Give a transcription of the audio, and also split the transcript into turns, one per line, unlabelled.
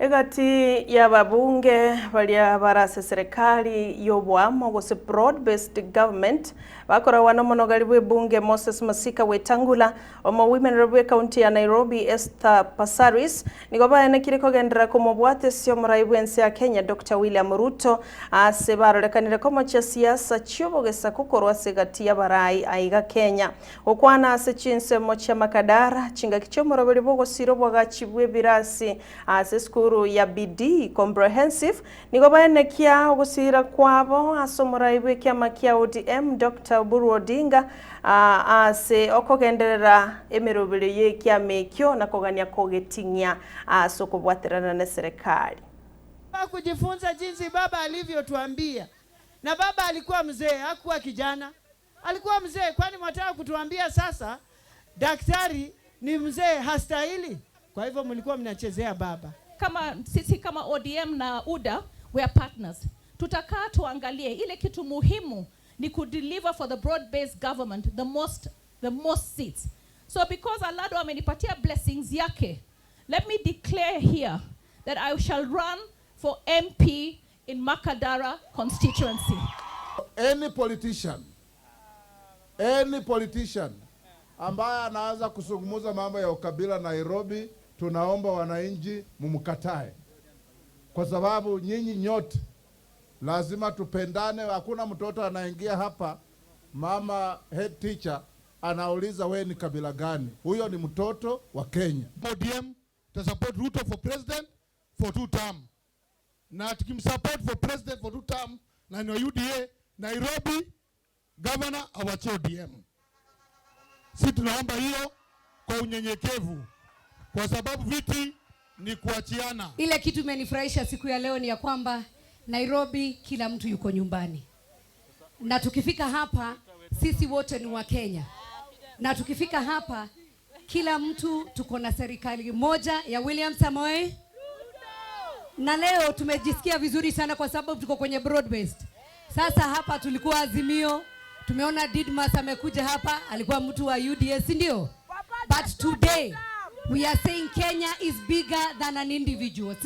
egati yababunge balya barasa serikali yobwamo okusi broad-based government bakora wano monogari bwe bunge Moses Masika wetangula omo women rep county ya Nairobi Esther Pasaris niko baene kiriko gendera kumobwate sio murai bwensi ya Kenya Dr William Ruto ase ah, barorekanire komo cha siasa chiobogesa kukorwa segati ya barai aiga Kenya okwana ase chinse mo cha makadara chinga kichomoro bali bogosiro gachibwe birasi ase ah, skuru thukuru ya BD comprehensive nigo baenekia gusira kwabo asomorai bwe kiama kia ODM Dr Oburu Odinga ase okogenderera emerobero ye kiama ekio na kogania kogeting'ia ase okobwaterana na serikali
kujifunza jinsi baba alivyotuambia, na baba alikuwa mzee, hakuwa kijana, alikuwa mzee. Kwani mwataka kutuambia sasa daktari ni mzee hastahili? Kwa hivyo mlikuwa mnachezea baba
kama sisi kama ODM na UDA we are partners, tutakaa tuangalie ile kitu muhimu ni kudeliver for the broad based government the most the most seats. So because Alado amenipatia blessings yake, let me declare here that I shall run for MP in Makadara constituency.
Any politician any politician ambaye anaweza kusungumuza mambo ya ukabila Nairobi tunaomba wananchi mumkatae, kwa sababu nyinyi nyote lazima tupendane. Hakuna mtoto anaingia hapa, mama head teacher anauliza wewe ni kabila gani? Huyo ni mtoto wa Kenya.
ODM to support Ruto for president for two term, na tukimsupport for president for two term na ni UDA Nairobi governor awache ODM. Si tunaomba hiyo kwa unyenyekevu kwa sababu viti ni kuachiana.
Ile kitu imenifurahisha siku ya leo ni ya kwamba Nairobi kila mtu yuko nyumbani, na tukifika hapa sisi wote ni wa Kenya, na tukifika hapa kila mtu tuko na serikali moja ya William Samoei, na leo tumejisikia vizuri sana kwa sababu tuko kwenye broadcast. Sasa hapa tulikuwa Azimio, tumeona Didmas amekuja hapa, alikuwa mtu wa UDA, si ndio? But today We are saying Kenya is bigger than an individual.